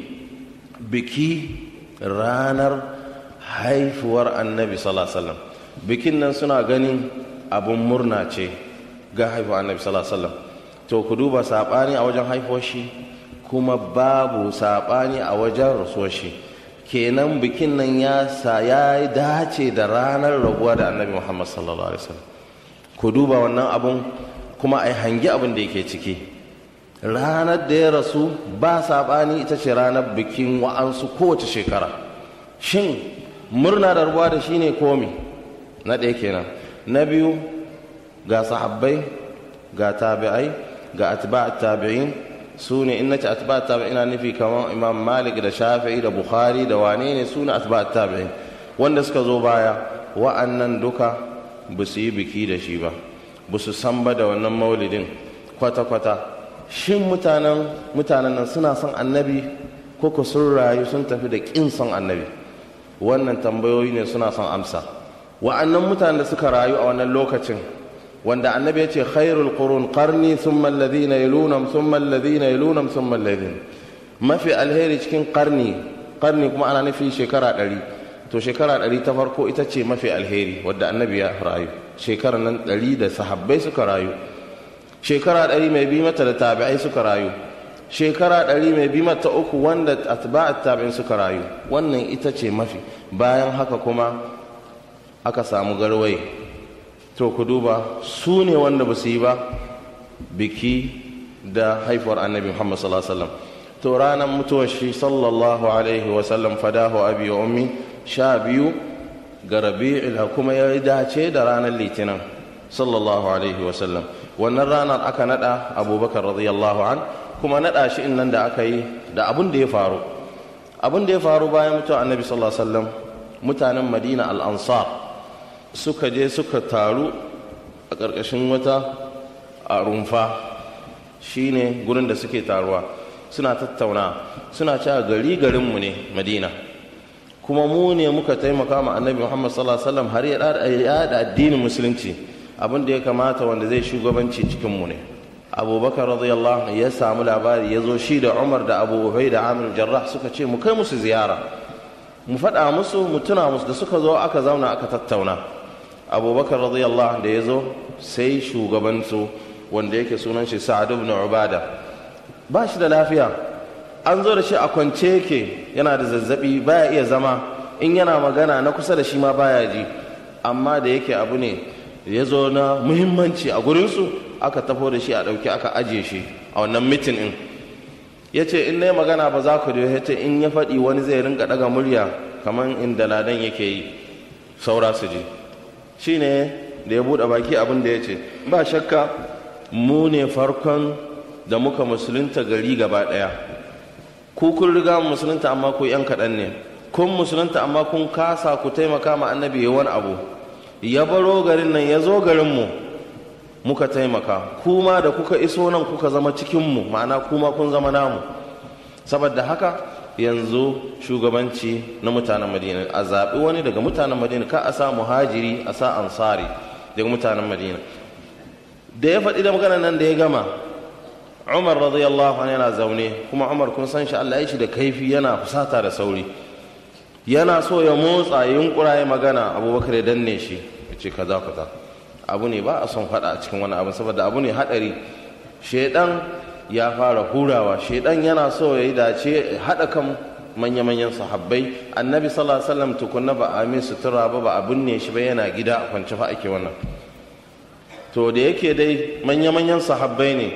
biki ranar haifuwar annabi sallallahu bikin nan suna ganin abin murna ce ga haifuwar annabi sallallahu to ku duba saɓani a wajen haifuwar shi kuma babu saɓani a wajen rasuwar shi kenan bikin nan ya ya dace da ranar rabuwa da annabi muhammad sallallahu alaihi wasallam ku duba wannan abun kuma ai hangi abin da yake ciki ranar da ya rasu ba saɓani ita ce ranar bikin wa'ansu kowace shekara shin murna da ruwa da shi ne komi na ɗaya kenan na biyu ga sahabbai ga tabi'ai ga atba'at tabi'in su ne in nace atba'at tabi'in ina nufi kamar imam malik da shafi'i da bukhari da wane ne su ne atba'at tabi'in wanda suka zo baya wa'annan duka ba su yi biki da shi ba ba su san ba da wannan maulidin kwata-kwata shin mutanen mutanen nan suna son annabi ko ku sun rayu sun tafi da ƙin son annabi wannan tambayoyi ne suna son amsa wa'annan mutanen da suka rayu a wannan lokacin wanda annabi ya ce khairul qurun qarni thumma alladhina yalunhum thumma alladhina yalunhum thumma alladhina mafi alheri cikin qarni qarni kuma ana nufi shekara ɗari to shekara ɗari ta farko ita ce mafi alheri wadda annabi ya rayu shekara nan ɗari da sahabbai suka rayu shekara ɗari mai bi mata da tabi'ai suka rayu shekara ɗari mai bi mata uku wanda atba'at tabi'in suka rayu wannan ita ce mafi bayan haka kuma aka samu garwaye to ku duba su ne wanda ba su yi ba biki da haifuwar annabi muhammad sallallahu alaihi wasallam to ranar mutuwar shi sallallahu alaihi wasallam fadahu abi wa ummi sha biyu ga rabi'il kuma ya dace da ranar litinin sallallahu alaihi wasallam wannan ranar aka nada abubakar radiyallahu an kuma nada shi in nan da aka yi da abun da ya faru Abun da ya faru bayan mutuwar annabi sallallahu alaihi wasallam mutanen madina al-ansar suka je suka taru a ƙarƙashin wata a rumfa shine gurin da suke taruwa suna tattauna suna cewa gari garinmu ne madina kuma mu ne muka taimaka ma annabi muhammad sallallahu alaihi wasallam har ya da addinin musulunci abin da ya kamata wanda zai shugabanci cikin mu ne abubakar radiyallahu ya samu labari ya zo shi da umar da abu ubai da amir jarrah suka ce mu kai musu ziyara mu faɗa musu mu tuna musu da suka zo aka zauna aka tattauna abubakar radiyallahu da ya zo sai shugabansu wanda yake sunan shi sa'ad ibn ubada ba shi da lafiya an zo da shi a kwance yake yana da zazzabi baya iya zama in yana magana na kusa da shi ma baya ji amma da yake abu ne ya zo na muhimmanci a gurinsu aka tafo da shi a ɗauki aka ajiye shi a wannan mitin ɗin ya ce in nai magana ba za ku da ya ce in ya faɗi wani zai rinka ɗaga murya kamar inda ladan yake yi saura su ji shine da ya buɗe baki abin da ya ce ba shakka mu ne farkon da muka musulunta gari gaba ɗaya ku kun riga musulunta amma ku yan kaɗan ne kun musulunta amma kun kasa ku taimaka ma annabi ya wani abu ya baro garin nan ya zo garinmu muka taimaka kuma da kuka iso nan kuka zama cikinmu ma'ana kuma kun zama namu saboda haka yanzu shugabanci na mutanen madina a zaɓi wani daga mutanen madina ka a sa muhajiri a sa ansari daga mutanen madina da ya faɗi da magana nan da ya gama umar radiyallahu anhu yana zaune kuma umar kun san shi Allah ya shi da kaifi yana fusata da sauri yana so ya motsa yunkura ya magana abubakar ya danne shi ya ce kaza kaza abu ne ba a son faɗa a cikin wani abu saboda abu ne haɗari shaidan ya fara hurawa shaidan yana so ya yi dace haɗa kan manya-manyan sahabbai annabi sallallahu alaihi wasallam tukunna ba a min sutura ba ba a binne shi ba yana gida a kwance fa ake wannan to da yake dai manya-manyan sahabbai ne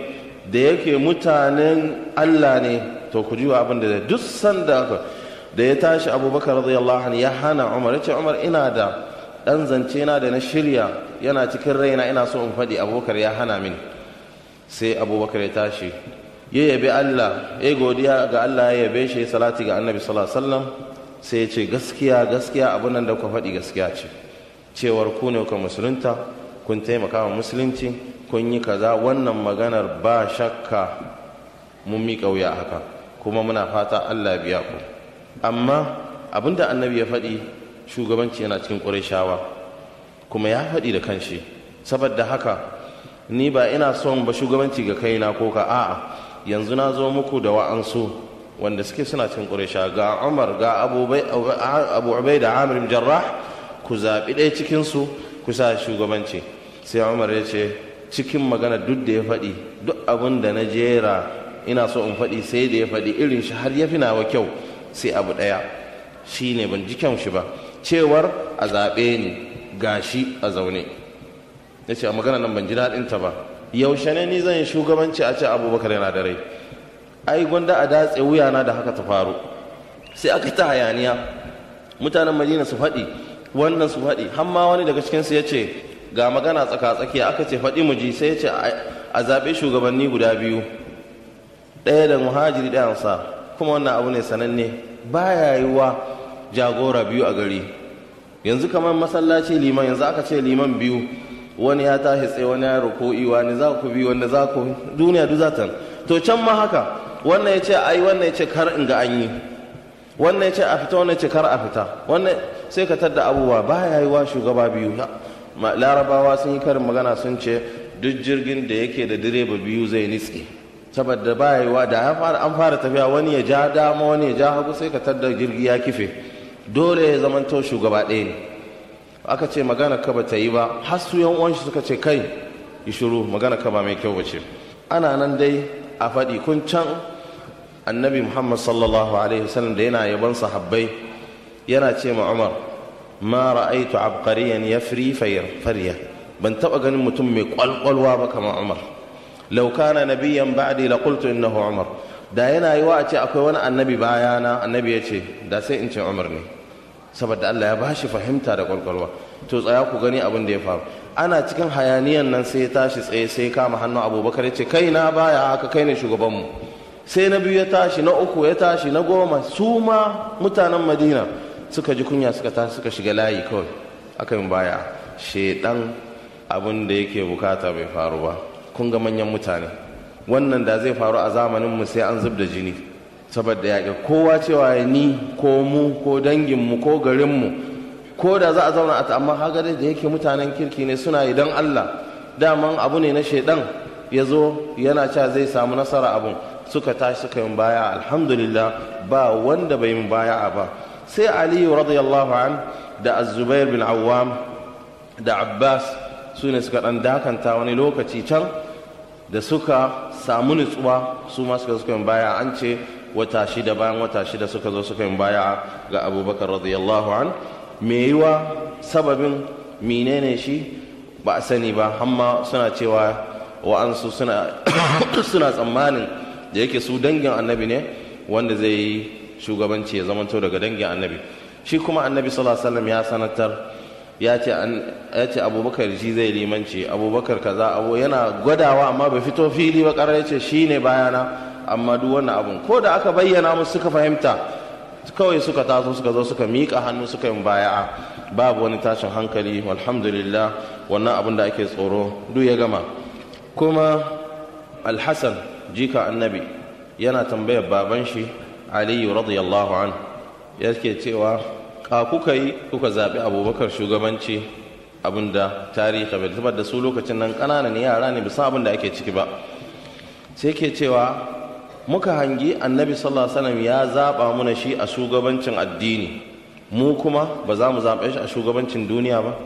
da yake mutanen Allah ne to ku ji abin da duk sanda da ya tashi abubakar radiyallahu anhu ya hana umar ya ce umar ina da ɗan zance na da na shirya yana cikin raina ina so in faɗi abubakar ya hana mini sai abubakar ya tashi ya yabi allah ya godiya ga allah ya yabe shi salati ga annabi sallallahu alaihi sai ya ce gaskiya gaskiya abin da kuka faɗi gaskiya ce cewar ku ne kuka musulunta kun taimaka wa musulunci kun yi kaza wannan maganar ba shakka mun miƙa wuya haka kuma muna fata allah biya ku amma abin da annabi ya faɗi shugabanci yana cikin ƙurashawa kuma ya faɗi da kanshi saboda haka ni ba ina son ba shugabanci ga kaina ko ka a'a yanzu na zo muku da wa'ansu wanda suke suna cin ƙuresha ga umar ga abu ubai da amurin jarrah ku zaɓi ɗaya cikinsu ku sa shugabanci sai umar ya ce cikin magana duk da ya faɗi duk abin da na jera ina so in faɗi sai da ya faɗi irin shi har ya fi nawa kyau sai abu ɗaya shi ne ban ji kyau shi ba cewar a zaɓe ni shi a zaune ya ce a magana nan ban ji ta ba yaushe ne ni zan yi shugabanci a ce abubakar yana da rai ai gwanda a datse na da haka ta faru sai aka ta hayaniya mutanen madina su faɗi wannan su faɗi har wani daga cikinsu ya ce ga magana tsaka-tsakiya aka ce faɗi mu ji sai ya ce a zaɓe shugabanni guda biyu ɗaya da muhajiri ɗaya sa kuma wannan abu ne sananne baya yiwa jagora biyu a gari yanzu kamar masallaci liman yanzu aka ce liman biyu wani ya tashi tsaye wani ya ruku'i wani za ku bi wanda za ku duniya duk za ta to can ma haka wannan ya ce ai wannan ya ce kar in ga an yi wannan ya ce a fita wannan ya ce kar a fita wannan sai ka tadda abubuwa ba ya yi wa shugaba biyu larabawa sun yi karin magana sun ce duk jirgin da yake da direba biyu zai nitse saboda ba ya yi wa da an fara tafiya wani ya ja dama wani ya ja hagu sai ka tadda jirgi ya kife dole ya zamanto shugaba ɗaya ne aka ce magana ka bata yi ba har su yan uwan shi suka ce kai yi shiru magana ka ba mai kyau bace ana nan dai a faɗi kun can annabi muhammad sallallahu alaihi wasallam da yana yaban sahabbai yana ce ma umar ma ra'aitu abqariyan yafri fayar farya ban taba ganin mutum mai kwalkwalwa ba kamar umar law kana nabiyyan ba'di la qultu innahu umar da yana yi wa a ce akwai wani annabi bayana annabi ya ce da sai in ce umar ne saboda Allah ya bashi fahimta da kwalkwalwa to tsaya ku gani abin da ya faru ana cikin hayaniyan nan sai ya tashi tsaye sai ya kama hannun abubakar ya ce kai na baya haka kai ne shugabanmu sai na biyu ya tashi na uku ya tashi na goma su ma mutanen madina suka ji kunya suka tashi suka shiga layi kawai aka yin baya shedan abin da yake bukata bai faru ba kun ga manyan mutane wannan da zai faru a zamaninmu sai an zub da jini saboda yaƙi kowa cewa ni ko mu ko danginmu ko garinmu ko da za a zauna a amma haka da yake mutanen kirki ne suna idan Allah daman abu ne na shaidan ya zo yana cewa zai samu nasara abun suka tashi suka yin baya alhamdulillah ba wanda bai yi baya a ba sai aliyu radiyallahu an da azubair bin awwam da abbas su ne suka ɗan dakanta wani lokaci can da suka samu nutsuwa su ma suka suka yin baya an ce wata shida bayan wata shida suka zo suka yi baya ga abubakar radiyallahu an me yiwa sababin menene shi ba a sani ba hamma suna cewa wa'ansu suna tsammanin da yake su dangin annabi ne wanda zai yi shugabanci ya zamanto daga dangin annabi shi kuma annabi sallallahu ya sanatar ya ce abubakar ji zai limanci abubakar kaza abu yana gwadawa amma bai fito fili ba karar ya ce shi ne bayana amma duk wannan abun ko da aka bayyana musu suka fahimta kawai suka taso suka zo suka miƙa hannu suka yi baya'a babu wani tashin hankali alhamdulillah wannan abun da ake tsoro duk ya gama kuma alhassan jika annabi yana tambayar baban shi aliyu radiyallahu an yake cewa ka kuka yi kuka zaɓi abubakar shugabanci da tarihi bai da su lokacin nan ƙananan yara ne bisa abin da ake ciki ba sai ke cewa muka hangi annabi sallallahu alaihi ya zaba muna shi a shugabancin addini mu kuma ba za mu zaɓe shi a shugabancin duniya ba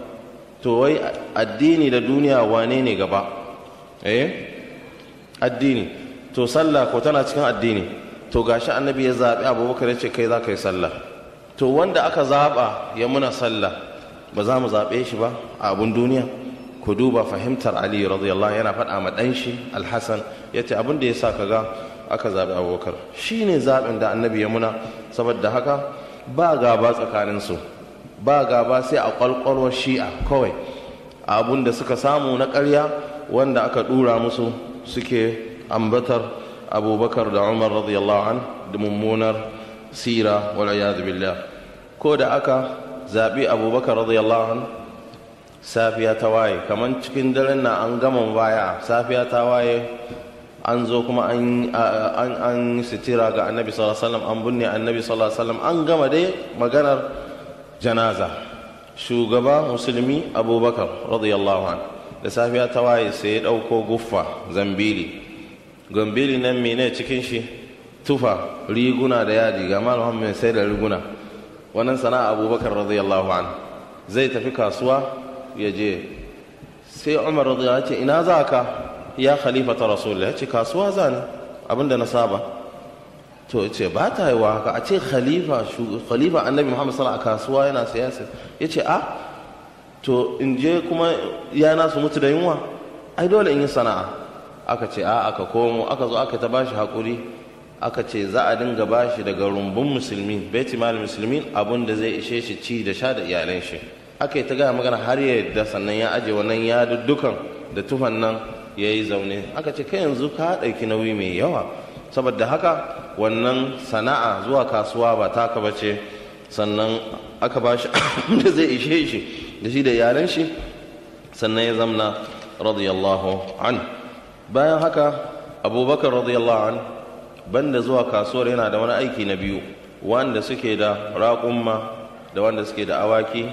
to wai addini da duniya wane ne gaba eh addini to sallah ko tana cikin addini to gashi annabi ya zaɓi abubakar ya ce kai za ka yi sallah to wanda aka zaba ya muna sallah ba za mu zaɓe shi ba a abun duniya ku duba fahimtar ali radiyallahu yana faɗa ma ɗan shi alhassan ya ce abin da ya sa ka ga aka zaɓi abubakar shi ne zaɓin da annabi ya muna saboda haka ba gaba tsakaninsu ba gaba sai a ƙwalƙwalwar shi'a kawai abun da suka samu na ƙarya wanda aka ɗura musu suke ambatar abubakar da umar radiyallahu an da mummunar sira wal'ayyadu billah ko da aka zaɓi abubakar radiyallahu an safiya ta waye kamar cikin daren na an gama baya safiya ta waye an zo kuma an sitira ga annabi sallallahu alaihi wasallam an binne annabi sallallahu alaihi wasallam an gama dai maganar janaza shugaba musulmi abubakar radiyallahu an da safiya ta waye sai ya ɗauko guffa zambili gambili nan mene cikin shi tufa riguna da yadi ga malam muhammad sai da riguna wannan sana'a abubakar radiyallahu an zai tafi kasuwa ya je sai umar radiyallahu ina za ka ya khalifata rasulullah ya ce kasuwa zani abinda na saba to ya ce ba ta yi wa haka a ce khalifa khalifa annabi muhammad sallallahu alaihi a kasuwa yana siyasa ya ce a ah, to in je kuma ya su mutu da yunwa ai dole in yi sana'a aka ce a ah, aka komo aka zo aka ta bashi hakuri aka ce za a dinga bashi daga rumbun musulmi baiti mal musulmin abun da zai ishe shi ci da sha da iyalan shi aka yi ta gaya magana har yadda sannan ya aje wannan ya dukan da tufan nan ya yi zaune aka ce kai yanzu ka ɗauki nauyi mai yawa saboda haka wannan sana'a zuwa kasuwa ba taka ba ce sannan aka ba shi da zai ishe shi da shi da iyalan shi sannan ya zamna radiyallahu an bayan haka abubakar radiyallahu an banda zuwa kasuwar yana da wani aiki na biyu wanda suke da raƙumma da wanda suke da awaki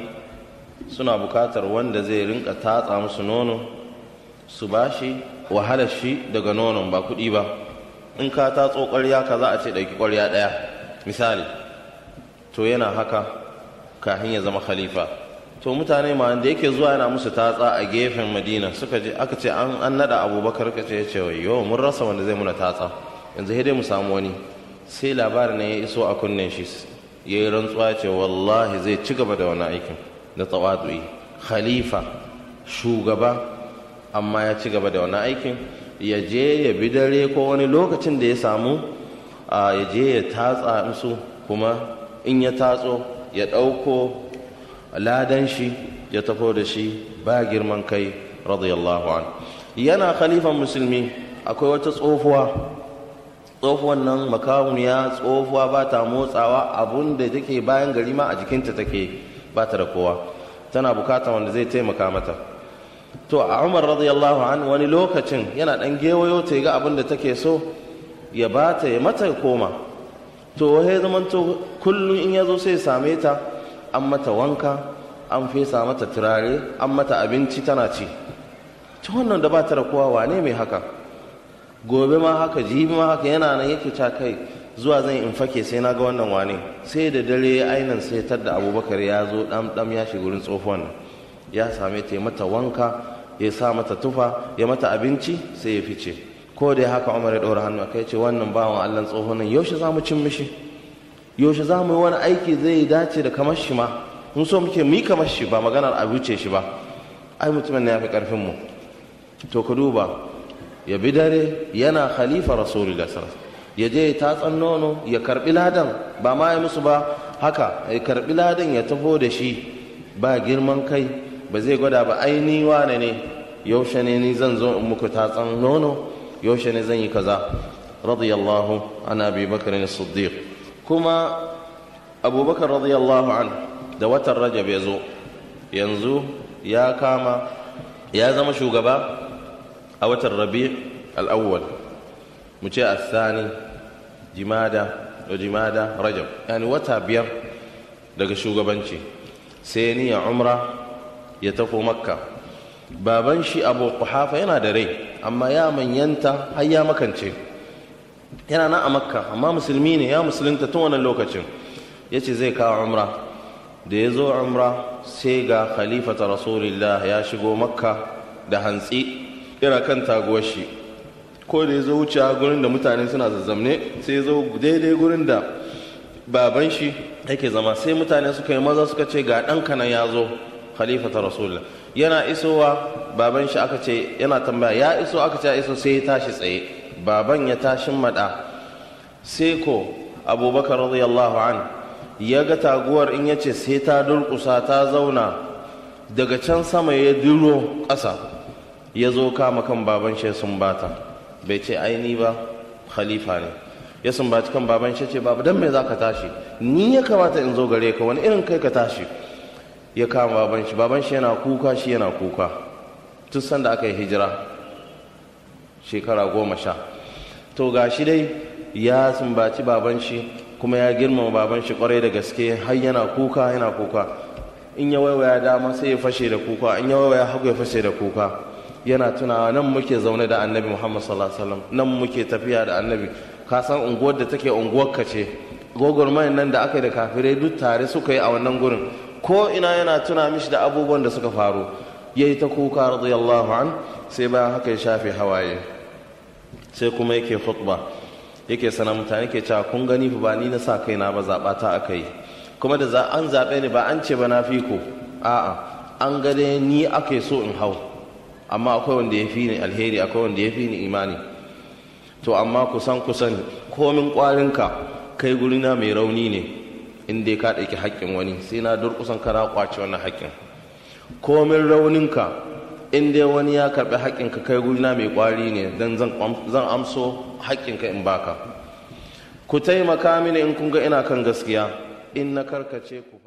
suna bukatar wanda zai rinka tatsa musu nono su ba shi wahalar shi daga nonon ba kuɗi ba in ka tatso ƙwarya ka za a ce ɗauki ƙwarya ɗaya misali to yana haka kafin ya zama khalifa to mutane ma da yake zuwa yana musu tatsa a gefen madina suka je aka ce an nada abubakar ka ce ya ce wayo mun rasa wanda zai muna tatsa yanzu dai mu samu wani sai labarin ya iso a kunnen shi ya yi rantsuwa ce wallahi zai ci gaba da wani aikin da yi. khalifa shugaba amma ya ci gaba da wani aikin ya je ya bi dare ko wani lokacin da ya samu ya je ya tatsa su kuma in ya tatso ya ɗauko ladan shi ya tafo da shi ba girman kai radiyallahu an yana khalifan musulmi akwai wata tsofuwa tsofuwan nan makawuniya tsofuwa ba ta motsawa abun da take bayan gari ma a jikinta take ba ta da kowa tana bukata wanda zai taimaka mata to a umar radiyallahu an wani lokacin yana dan gewayo ta ga abin da take so ya ba ta ya mata koma to wahe zaman to kullum in ya zo sai same ta an mata wanka an fesa mata turare an mata abinci tana ci ta wannan da ba ta kowa wane mai haka gobe ma haka jibi ma haka yana nan yake ta kai zuwa zan in fake sai na ga wannan wane sai da dare ainihin sai tadda abubakar ya zo dam ya shiga wurin tsohuwan nan ya same ta mata wanka ya sa mata tufa ya mata abinci sai ya fice ko da haka Umar ya ɗora hannu akai ce wannan bawan Allah tsohon nan yaushe za mu cin mishi yaushe za mu yi wani aiki zai dace da kamar shi ma mun so muke mu yi kamar shi ba maganar a wuce shi ba ai mutumin ne ya fi karfin mu to ku duba ya bi dare yana khalifa rasulullah sallallahu ya je ya tatsan nono ya karbi ladan ba ma ya musu ba haka ya karbi ladan ya taho da shi ba girman kai ba zai gwada ba ai ni wane ne yaushe ne ni zan zo in muku tatsan nono yaushe ne zan yi kaza radiyallahu an abi bakar siddiq kuma abubakar radiyallahu an da watan rajab ya zo yanzu ya kama ya zama shugaba a watan rabi al'awwal mu ce asani jimada da jimada rajab yani wata biyar daga shugabanci sai ni ya umra ya tafi makka baban shi abu kuhafa yana da rai amma ya manyanta har ya makance yana nan a makka amma musulmi ne ya musulunta tun wannan lokacin ya ce zai kawo umra da ya zo umra sai ga khalifata rasulillah ya shigo makka da hantsi yana kan taguwa shi ko da ya zo wuce gurin da mutane suna zazzamne sai ya zo daidai gurin da baban shi yake zama sai mutane suka yi maza suka ce ga ɗanka nan ya zo khalifata rasulullah yana isowa baban shi aka ce yana tambaya ya iso aka ce ya iso sai ya tashi tsaye baban ya tashi mada sai ko abubakar radiyallahu an ya ga taguwar in ya ce sai ta durkusa ta zauna daga can sama ya duro ƙasa ya zo kama kan baban shi sun bata bai ce aini ba khalifa ne ya sumbaci kan baban shi ce babu dan me za ka tashi ni ya kamata in zo gare ka wani irin kai ka tashi ya kama baban shi baban shi yana kuka shi yana kuka tun sanda aka yi hijira shekara goma sha to ga shi dai ya sumbaci baban shi kuma ya girmama baban shi kwarai da gaske har yana kuka yana kuka in ya waiwaya dama sai ya fashe da kuka in ya waiwaya hagu ya fashe da kuka yana tunawa nan muke zaune da annabi muhammad sallallahu alaihi wasallam nan muke tafiya da annabi ka san unguwar da take unguwar ka ce gogormayan nan da aka yi da kafirai duk tare suka yi a wannan gurin ko ina yana tuna mishi da abubuwan da suka faru yayi ta kuka radiyallahu an sai bayan haka ya shafe hawaye sai kuma yake khutba yake sana mutane ke cewa kun gani fa ba ni na sa kaina ba zaɓa ta aka yi kuma da an zaɓe ni ba an ce ba na fi ku a'a an gane ni ake so in hau amma akwai wanda ya fi ni alheri akwai wanda ya fi ni imani to amma kusan kusan komin ƙwarinka kai gurina mai rauni ne in dai ka ɗauki haƙƙin wani sai na durƙusan kana ƙwace wannan haƙƙin komin rauninka in dai wani ya karɓi ka kai gurina mai ƙwari ne don zan amso haƙƙinka in baka ku taimaka mini in kun ga ina kan gaskiya in na karkace ku